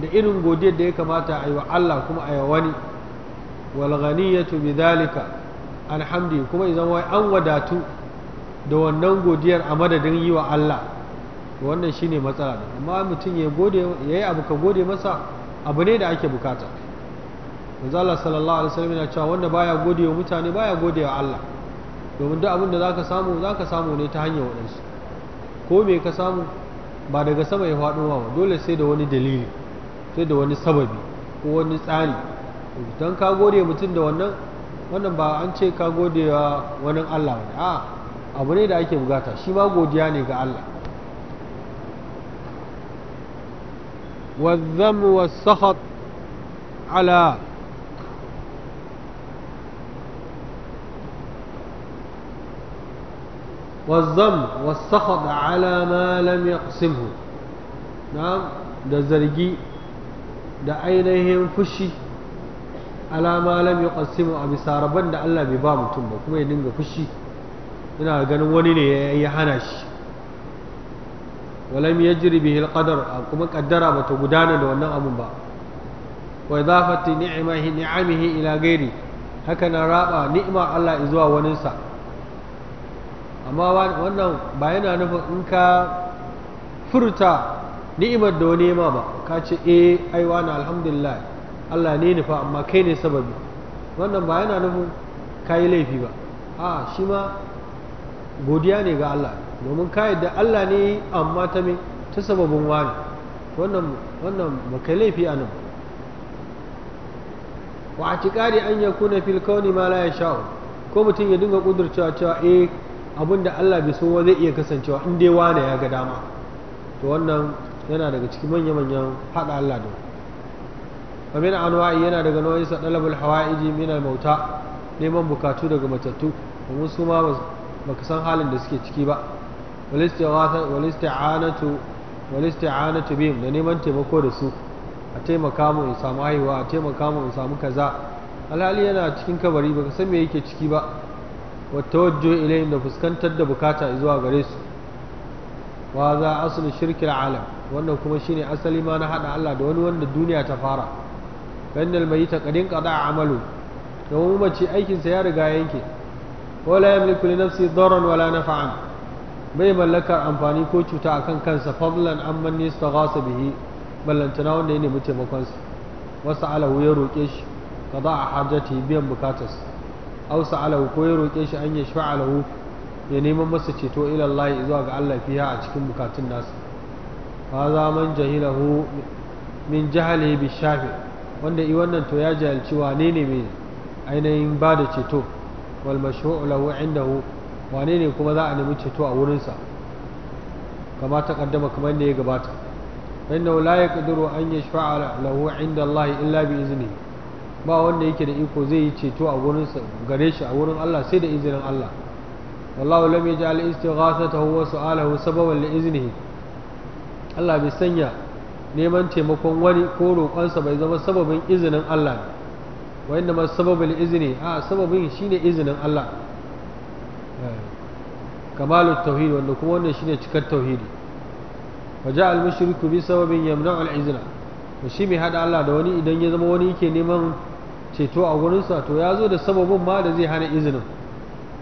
da irin godiyar da ya kamata a yi wa Allah kuma a yi wani wal ghaniyatu alhamdi kuma idan wai an wadatu da wannan godiyar a madadin yi wa Allah wannan shine matsala ne amma mutum ya gode ya yi abu ka gode masa abu ne da ake bukata manzo Allah sallallahu alaihi wasallam yana cewa wanda baya gode wa mutane baya gode wa Allah domin duk abin da zaka samu zaka samu ne ta hanyar waɗansu ko me ka samu ba daga sama ya faɗo ba dole sai da wani dalili sai da wani sababi ko wani tsari don ka gode mutum da wannan wannan ba an ce ka gode wa wani Allah ba a abu ne da ake bukata shi ma godiya ne ga Allah والذم والسخط على والذم والسخط على ما da zargi da ainihin fushi ala ma lam yuqassimu a bisa rabon da Allah bai ba mutum ba kuma ya dinga fushi ina ganin wani ne ya hana shi walam yajri bihi alqadar kuma kaddara bata gudana da wannan abun ba wa idafati ni'mahi ni'amihi ila ghairi haka na raba ni'ma Allah zuwa wani sa amma wannan ba yana nufin in ka furta ni'imar da wani ma ba ka ce eh ai wani alhamdulillah Allah ne nufa amma kai ne sababi wannan ba yana nufin yi laifi ba a shi ma godiya ne ga Allah domin ka yadda Allah ne amma ta me ta sababin wani wannan wannan laifi a nan wa atiqadi an kuna fil kauni ma la yasha ko mutum ya dinga kudurcewa cewa eh da Allah bai so wa zai iya kasancewa in dai wani ya ga dama to wannan yana daga cikin manya manyan hada Allah da ومن أنواعه yana daga nau'in sa dalabul hawaiji min al mauta neman bukatu daga matattu kuma su ma baka san halin da suke ciki ba walisti'anatu bihim da neman taimako da su a taimaka mu in samu haihuwa a taimaka mu in samu kaza alhali yana cikin kabari baka san me yake ciki ba wa tawajjuh ilayhim da fuskantar da bukata zuwa gare su wa za aslu shirki alam wannan kuma shine asali ma na hada Allah da wani wanda duniya ta fara bainal mayyita qadin qada amalu domin mace aikinsa ya riga yanke wala yamliku li nafsi darran wala naf'an bai mallakar amfani ko cuta akan kansa fadlan amman ne istaghasa bihi ballantana wanda ya nemi taimakon sa wasa alahu ya roke shi qada hajati biyan bukatas aw sa'alahu ko ya roke shi an yashfa'a lahu ya neman masa ceto ila Allah zuwa ga Allah fiha a cikin bukatun nasa hadha man jahilahu min jahalihi bi shafi wanda i wannan to ya jahilci wane ne mai ainihin ba da ceto wal mashru'u indahu wane ne kuma za a nemi ceto a wurinsa kama ta kaddama kamar da ya gabata inna la yaqdiru an yashfa'a lahu inda Allah illa bi izni ba wanda yake da iko zai yi ceto a wurinsa gare shi a wurin Allah sai da izinin Allah wallahu lam yaj'al istighathatahu wa su'alahu sababan li iznihi Allah bai sanya neman taimakon wani ko roƙonsa bai zama sababin izinin Allah ba wa inda ma sababul izini a sababin shine izinin Allah kamalu tauhid wanda kuma wannan shine cikar tauhidi wa ja'al mushriku bi sababin yamna'u al-izna to shi mai hada Allah da wani idan ya zama wani yake neman ceto a wurinsa to ya zo da sababin ma da zai hana izinin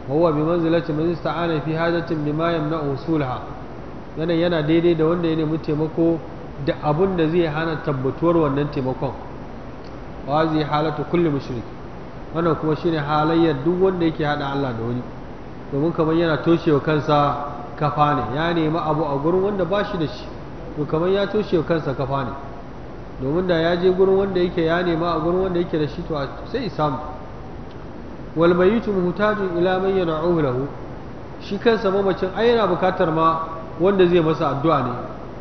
bi manzilati man استعان fi حاجة bima يمنع usulha yana yana daidai da wanda ya nemi taimako da abun da zai hana tabbatuwar wannan taimakon wa zai halatu kulli mushrik wannan kuma shine halayyar duk wanda yake hada Allah da wani domin kamar yana toshewa kansa kafa ne ya nemi abu a gurin wanda ba shi da shi to kamar ya toshewa kansa kafa ne domin da ya je gurin wanda yake ya nema a gurin wanda yake da shi to sai samu wal mayitu muhtaju ila man yan'uhu lahu shi kansa mamacin ai yana bukatar ma wanda zai masa addu'a ne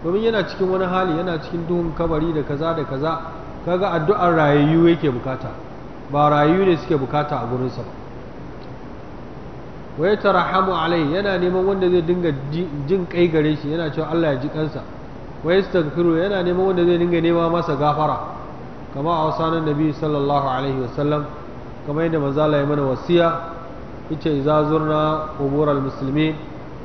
domin yana cikin wani hali yana cikin duhun kabari da kaza da kaza kaga addu'ar rayayyu yake bukata ba rayayyu ne suke bukata a gurinsa ba wai tarahamu alai yana neman wanda zai dinga jin kai gare shi yana cewa Allah ya ji kansa wai yastaghfiru yana neman wanda zai dinga nema masa gafara kama a wasanin nabi sallallahu alaihi wasallam kama yadda manzo Allah ya mana wasiya yace idza zurna qubural muslimin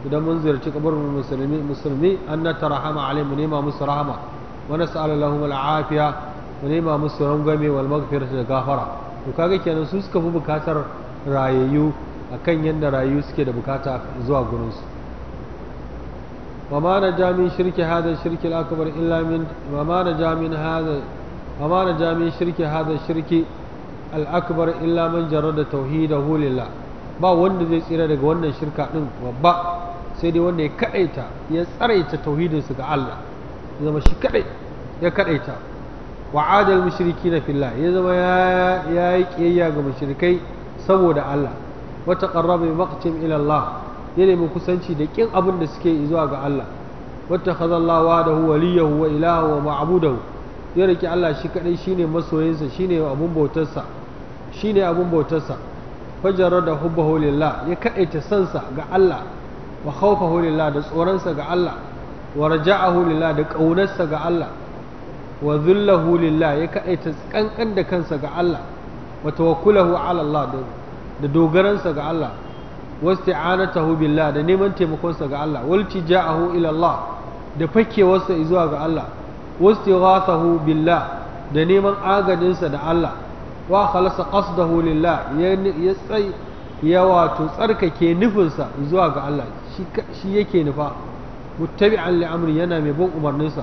idan mun ziyarci kabarin musulmi musulmi an natarahama alai mu nema musu rahama wa nas'alu al afiya mu nema musu rangwame wal maghfirata da gafara to kaga kenan su suka fi bukatar rayayyu akan yadda rayu suke da bukata zuwa gurinsu وما نجا من شرك هذا الشرك الأكبر إلا من وما نجا من هذا وما نجا من شرك هذا الشرك الأكبر إلا من جرد توحيده لله ba wanda zai tsira daga wannan shirka din babba sai dai wanda ya kadaita ya tsaraita su ga Allah zama shi kadai ya kadaita wa'adar shirki na fila ya zama ya yi kiyayya ga mashirikai saboda Allah wata qarraba bi maqtim ila ya nemi kusanci da kin abin da suke yi zuwa ga Allah wata da wadahu waliyahu wa ilahu wa ma'budahu ya riki Allah shi kadai shine masoyinsa shine abun bautarsa shine abun bautarsa fajarra da hubbahu lillah ya ta sansa ga Allah wa khawfahu lillah da tsoronsa ga Allah wa raja'ahu lillah da ƙaunarsa ga Allah wa zullahu lillah ya kaɗaita kankan da kansa ga Allah wa tawakkulahu ala Allah da dogaransa ga Allah wasti'anatahu billah da neman taimakonsa ga Allah waltija'ahu ila Allah da fakewarsa zuwa ga Allah wastighathahu billah da neman agajinsa da Allah wa khalasa qasdahu lillah ya tsai ya wato tsarkake nufinsa zuwa ga Allah shi yake nufa muttabi'an li amri yana mai bin umarninsa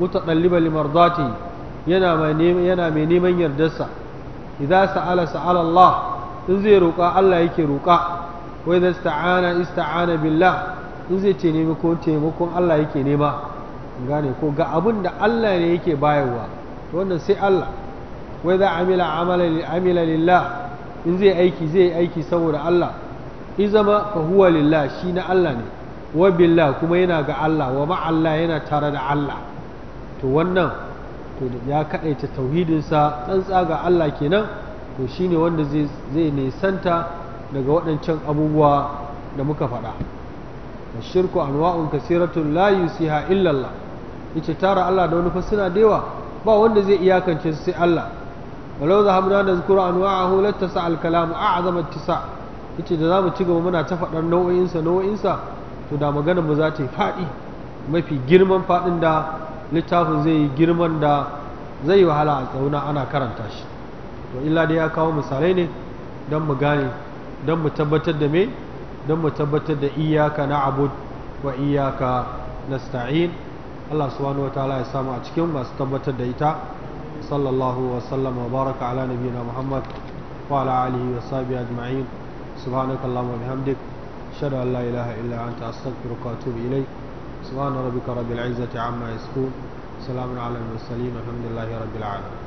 mutaqalliban limardati yana mai neman yana mai neman yardarsa idza sa'ala sa'ala Allah in zai roƙa Allah yake roƙa wa idza ista'ana ista'ana billah in zai ce nemi ko taimakon Allah yake nema gane ko ga abin da Allah ne yake bayarwa to wannan sai Allah wa idza amila amala amila lillah in zai aiki zai aiki saboda Allah izama fa huwa lillah shi na Allah ne wa billah kuma yana ga Allah wa ma Allah yana tare da Allah to wannan to ya kaɗaita tauhidinsa ɗan tsaga Allah kenan to shine wanda zai nisanta daga waɗancan abubuwa da muka faɗa shirku anwa'un kasiratun la yusiha illa Allah yace tara Allah da wani fasina da yawa ba wanda zai iyakance su sai Allah walau zahabna nazkuru anwa'ahu lattasa al-kalamu a'zama ittisa yace da zamu ci gaba muna ta faɗar nauinsa nau'o'insa to da magana mu za ta yi faɗi mafi girman faɗin da littafin zai yi girman da zai yi wahala a tsauna ana karanta shi to illa dai ya kawo misalai ne don mu gane don mu tabbatar da me don mu tabbatar da iyaka na abud wa iyaka nasta'in Allah subhanahu wa ta'ala ya samu a cikin masu tabbatar da ita sallallahu wa sallama wa baraka ala nabiyina Muhammad wa ala alihi wa sahbihi ajma'in subhanakallahumma wa bihamdik ashhadu an la ilaha illa anta astaghfiruka wa atubu ilayk سبحان ربك رب العزة عما يصفون سلام على المرسلين والحمد لله رب العالمين